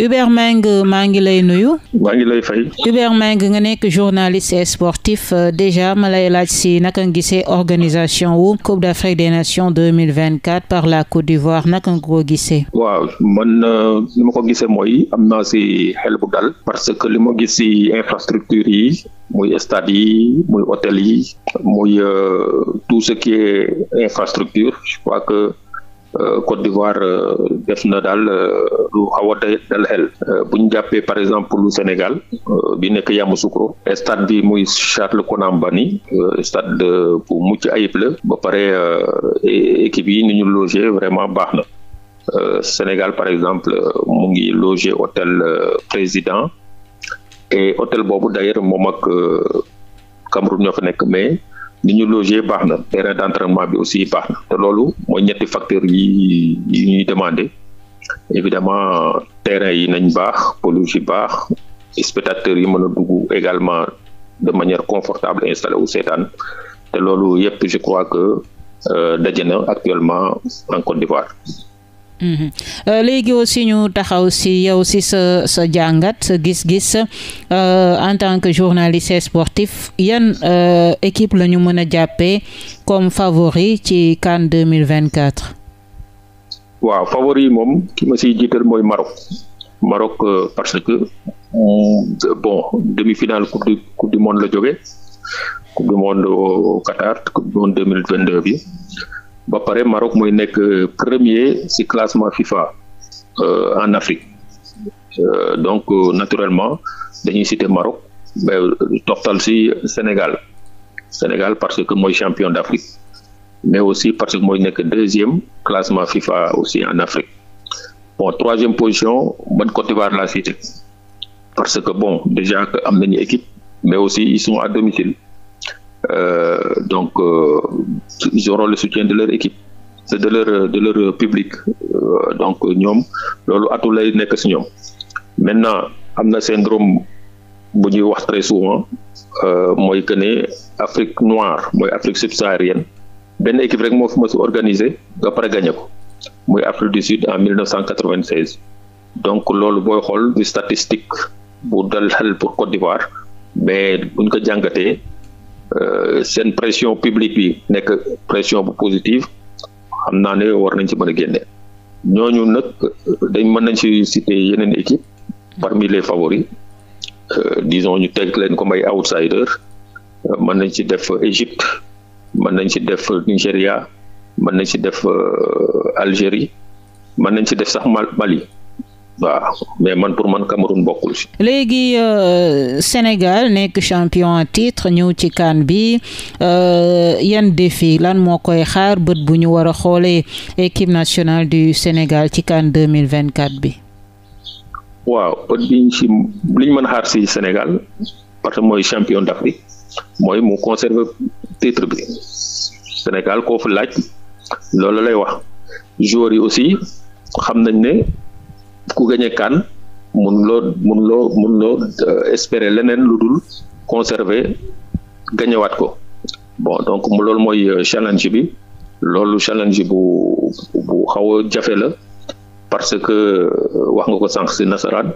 Hubert Mbengue euh, maa ngi lay nuyu. maa ngi lay fay. Hubert nga nekk journaliste et sportif euh, déjà ma lay laaj si naka nga gisee organisation wu Coupe d'Afrique des Nations deux mille vingt quatre par la Côte d'Ivoire naka nga ko gisee. waaw man euh, ni ma ko gisee mooy am naa si xel bu dal parce que li ma gis si infrastructure yi. muy stade yi muy hôtel yi muy tout ce qui est infrastructure je crois que Euh, Côte d'Ivoire euh, def na daal euh, lu xaw dal xel bu ñu jàppee par exemple lu Sénégal bi nekk Yamoussoukro stade bi muy Charles Konambani stade bu mucc ayib la ba pare équipe yi ni ñu logé vraiment baax na Sénégal par exemple mu ngi logé hôtel président et hôtel boobu d'ailleurs moom ak Cameroun ñoo fa nekk mais ni ñu loger baax na terrain d'entraînement bi aussi baax na te loolu mooy ñetti facteurs yi yi ñuy demander évidemment terrain yi nañ baax pelouse yi baax spectateurs yi mën a dugg également de manière confortable installé wu seetaan te loolu yëpp je crois que euh, daje na actuellement en Côte d'Ivoire Mhm. Euh, léegi aussi ñu taxaw si yow si sa sa jàngat sa gis-gis euh, en tant que journaliste sportif yan euh, équipe la ñu mën a jàppee comme favori ci CAN 2024 waaw favori yi moom ki ma jiital mooy Maroc Maroc parce que bon demi-finale coupe du monde la jóge coupe du monde au coupe du monde bi ba pare Maroc mooy nekk euh, premier ci classement FIFA euh, en Afrique euh, donc euh, naturellement dañuy citer Maroc mais euh, toftal ci Sénégal Sénégal parce que mooy champion d'Afrique mais aussi parce que mooy nekk deuxième classement FIFA aussi en Afrique bon troisième position ban Côte d'Ivoire laa parce que bon déjà que am nañu équipe mais aussi ils sont à domicile. Euh, donc euh, ils auront le soutien de leur équipe c'est de leur de leur public euh, donc ñoom loolu atu nekk ci ñoom maintenant am na syndrome bu ñuy wax très souvent mooy que ne Afrique noire mooy Afrique subsaharienne benn équipe rek moo fi mës a organisé ba pare ko mooy Afrique du Sud en 1996 donc loolu booy xool du statistique bu dal xel pour Côte d'Ivoire mais buñ ko jàngatee Euh, seen pression publique bi nekk pression bu positive xam naa ne war nañ ci mën a génne ñooñu nag dañ mën nañ ci citer yeneen équipe parmi les favoris euh, disons ñu teg leen comme ay outsider euh, mën nañ ci def Égypte mën nañ ci def Nigéria mën nañ ci def Algérie mën nañ ci def sax Mali waaw mais man pour man Cameroun bokkul léegi euh, Sénégal nekk champion à titre ñëw ci kaan bi euh, yan défi lan moo koy xaar bët bu ñu war a xoolee équipe nationale du Sénégal ci CAN deux mille vingt quatre bi. waaw liñ si liñ mën a xaar si Sénégal parce que mooy champion d'Afrique mooy mu conserver titre bi Sénégal koo fi laaj loolu lay wax joueurs yi aussi xam nañ ne. ku gagné kan mun loo mun loo mun loo euh, espérer leneen lu dul conserver gagnéwaat ko bon donc loolu mooy euh, challenge bi loolu challenge bu bu xaw a jafe la parce que euh, wax nga ko sànq si nasaraan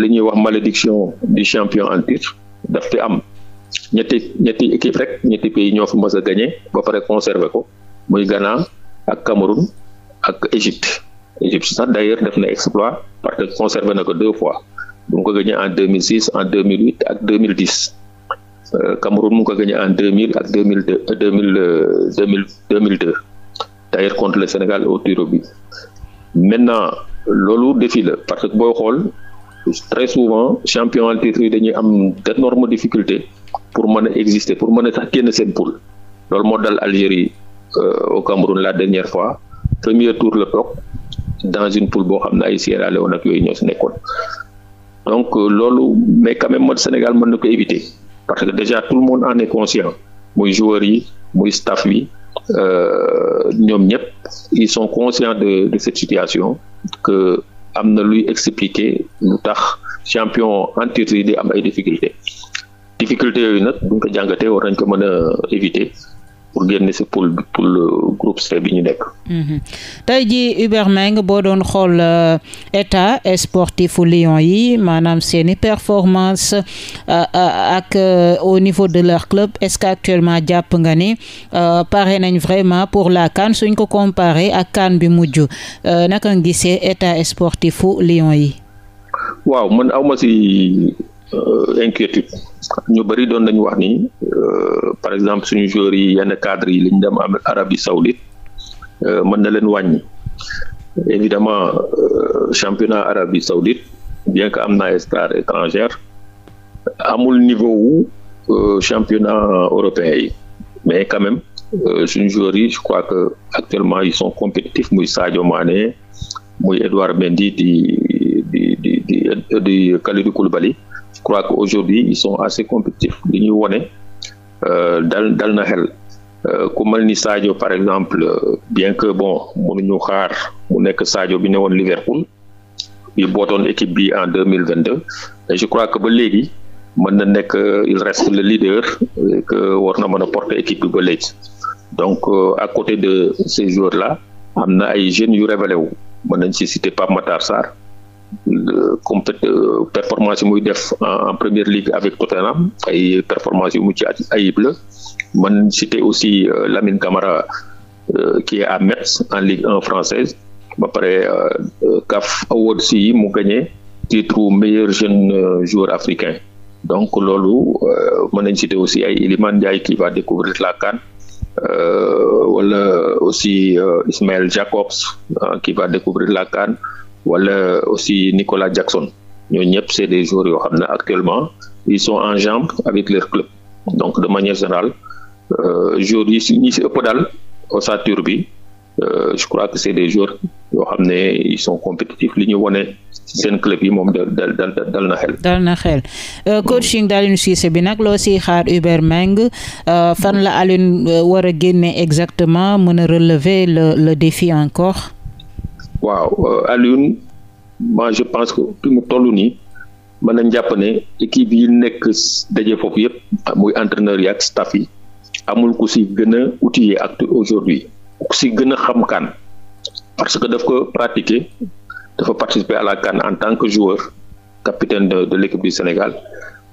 li ñuy wax malédiction di champion en daf fi am ñetti ñetti équipe rek ñetti pays ñoo fa mës a gagné ba pare conserver ko muy Ghana ak Cameroun ak Égypte Égypte sax d'ailleurs def na exploit parce que conservé na ko deux fois mu ngi ko gagné en 2006 en 2008 ak 2010 euh, Cameroun mu ngi ko gagné en 2000 ak 2002 2000 2002 d'ailleurs contre le Sénégal au tir bi but maintenant loolu défi la parce que boo xool très souvent champion en titre yi dañuy am d'énormes difficultés pour mën a exister pour mën a sax kenn seen poule loolu moo dal Algérie euh, au Cameroun la dernière fois premier tour la toog dans une poule boo xam ne ay Sierra Leone ak yooyu ñoo si nekkoon donc euh, loolu mais quand même Sénégal mën na ko éviter parce que déjà tout le monde en est conscient muy joueurs yi muy staff yi euh, ñoom ñëpp ils sont conscients de de cette situation que am na luy expliquer lu tax champion en titre yi di am ay difficultés difficultés yooyu nag buñ ko jàngatee war nañ ko mën a éviter pour génn si poule euh, groupe C nekk. Mhm. tey jii Hubert Mbengue boo doon xool euh, état sportifu Lions yi maanaam seeni performance euh, ak au niveau de leur club est-ce que actuellement jàpp nga ni pare nañ vraiment pour la CAN suñ ko comparer ak CAN bi mujj naka nga gisee état sportifu Lions yi. waaw man awma si Euh, inquiétude ñu bëri doon nañu wax ni euh, par exemple suñu joueurs yi yenn cadres yi li ñu dem Arabie Saoudite euh, mën na leen wàññi évidemment championnat Arabie Saoudite bien que am na ay stars amul niveau wu championnat européen yi mais quand même suñu joueurs yi je crois que actuellement ils sont compétitifs muy Sadio Mané muy Edouard Mendy di di di di di je crois qu'aujourd'hui ils sont assez compétitifs li ñuy wone euh, dal dal na xel euh, ku mel ni saajo par exemple euh, bien que bon ñu xaar mu nekk Sadio bi ne woon Liverpool bi bootoon équipe bi en deux mille vingt deux je crois que ba léegi mën na nekk il reste le leader et que war na mën a porter équipe bi ba léegi donc à côté de ces joueurs la am na ay jeunes yu révélé wu mën nañ ci citer Pape Matar Sarr compét euh, performance yi muy def en première ligue avec Tottenham ay performance yu mucc ayib la man cité aussi euh, Lamine Camara euh, qui est à en Ligue 1 française ba pare CAF Awards yi mu gagné titre meilleur jeune joueur africain donc loolu mën nañ cité aussi ay Iliman Ndiaye qui va découvrir la CAN wala aussi Ismaël Jacobs qui va découvrir la CAN wala aussi Nicolas Jackson ñooñu ñëpp c'est des joueurs yoo xam ne actuellement ils sont en jambes avec leur club donc de manière générale euh, jour yi si ñi si ëpp daal ossature bi euh, je crois que c'est des joueurs yoo xam ne ils sont compétitifs li ñu wone ci seen club yi mom dal dal na xel. dal na xel euh, coaching Aliou Cissé bi nag loo siy xaar Hubert Meng fan la Aliou war a génne exactement mën a relever le le défi encore. waaw euh, Alioune moi je pense que fi mu toll nii mën nañ jàpp ne équipe yi nekk daje foofu yëpp muy entraîneur yi ak staff amul ku si gën a outillé ak aujourd'hui ku si gën a xam kan parce que daf ko pratiquer dafa participer à la CAN en tant que joueur capitaine de de l'équipe du Sénégal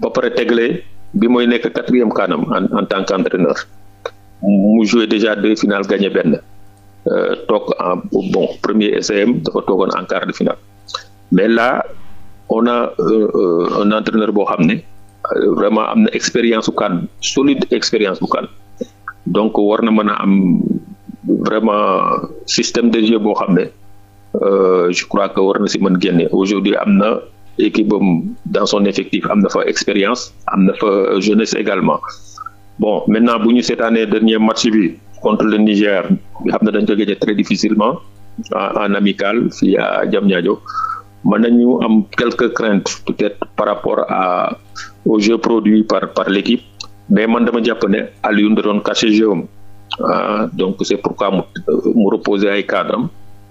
ba pare tegle bi mooy nekk quatrième kanam en en tant qu'entraîneur mu joué déjà deux finales gagné benn. Euh, toog en bon premier essayam dafa toogoon en quart de finale mais là on a euh, euh, un entraîneur boo xam ne vraiment am na expérience bu kan solide expérience bu kan donc war na mën a am vraiment système de jeu boo xam ne je crois que war na si mën génne aujourd'hui am na équipe am dans son effectif am na fa expérience am na fa jeunesse également bon maintenant bu ñu seetaanee dernier match bi contre le Niger bi xam ne dañ ko gagné très difficilement en amical fii à Diamniadio mën ñu am quelques craintes peut-être par rapport à au jeu produit par par l'équipe mais man dama jàpp ne Alioune da doon caché jeu am ah, donc c'est pourquoi mu mu reposer ay cadre am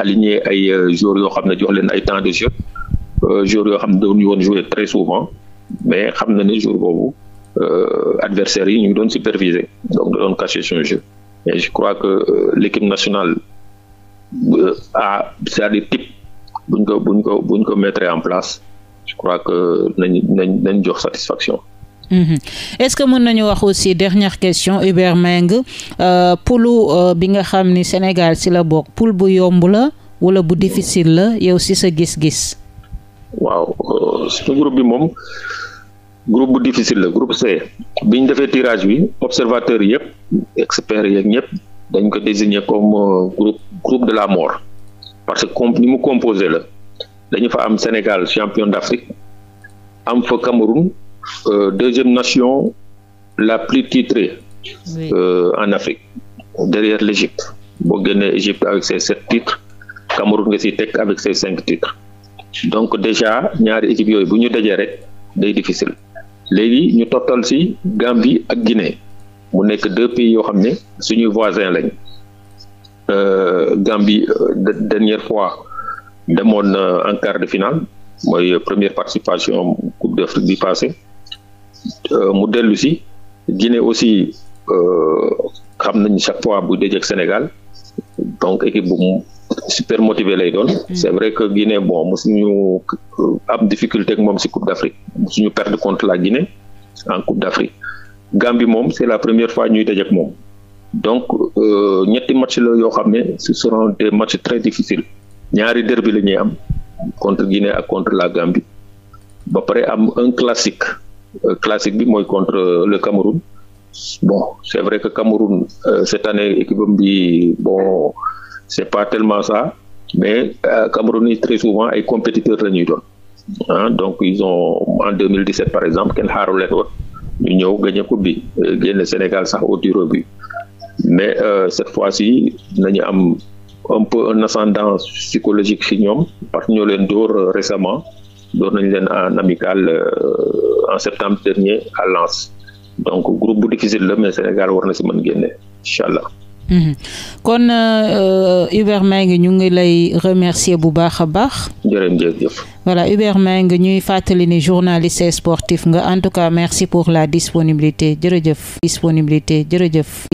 aligné ay euh, joueurs yoo xam ne jox leen ay temps de jeu euh, joueurs yoo xam ne doon ñu woon jouer très souvent mais xam na ne jour boobu euh, adversaires yi ñu doon superviser donc da doon caché son jeu mais je crois que euh, l'équipe nationale euh, a c'est-à-dire type buñ ko buñ ko mettre en place je crois que nañ nañ jox satisfaction mm-hmm. Est-ce que mën nañu wax aussi dernière question Hubert Mbengue euh, poulu euh, bi nga xam ni Sénégal si la bokk poul bu yomb la wala bu difficile la yow si sa gis-gis waaw suñu groupe bi moom groupe bu difficile la groupe C bi ñu defee tirage bi observateur yëpp experts yeeg ñëpp dañ ko désigner comme euh, groupe groupe de la mort parce que comme ni mu composé la dañu fa am Sénégal champion d'Afrique am fa Cameroun euh, deuxième nation la plus titre oui. euh, en Afrique derrière l'Égypte boo génnee Égypte avec ses sept titres Cameroun nga si teg avec ses cinq titres donc déjà ñaari équipes yooyu bu ñu dajee rek day difficile léegi ñu tottal si Gambie ak Guinée mu nekk deux pays yoo xam ne suñuy voisins lañ euh, Gambie euh, dernière fois demoon en quart de finale mooy première participation Coupe d'Afrique bi passé euh, mu dellu si Guinée aussi xam nañ chaque fois bu dëjëk Sénégal donc équipe bu super motivé lay doon. Mm. c' est vrai que Guinée bon mosuñu euh, am difficulté ak moom si Coupe d' Afrique mosuñu perdre contre la Guinée en Coupe d' Afrique Gambie moom c' la première fois ñuy daje moom donc euh, ñetti match la yoo xam ne ce seront des matchs très difficile ñaari derby la ñuy am contre Guinée ak contre la Gambie ba pare am un classique euh, classique bi mooy contre le Cameroun. bon c'est vrai que Cameroun euh, cette année équipe bon c'est pas tellement ça mais euh, Cameroun yi très souvent ay compétiteurs la ñuy doon ah donc ils ont en 2017 par exemple kenn xaaru leen woon ñu ñëw gagné coupe bi euh, génn Sénégal sax au tir au mais euh, cette fois-ci nañu am un peu un ascendant psychologique ci ñoom parce que ñoo leen dóor euh, récemment door nañu leen en amical euh, en septembre dernier à lance donc groupe bu difficile la mais Sénégal war na si mën génne allah. Mhm. kon euh, euh, Hubert Mbengue ñu ngi lay remercier bu baax a baax. jërëjëf. voilà Hubert Mbengue ñuy fàttali ni journaliste sportif nga en tout cas merci pour la disponibilité jërëjëf. disponibilité jërëjëf.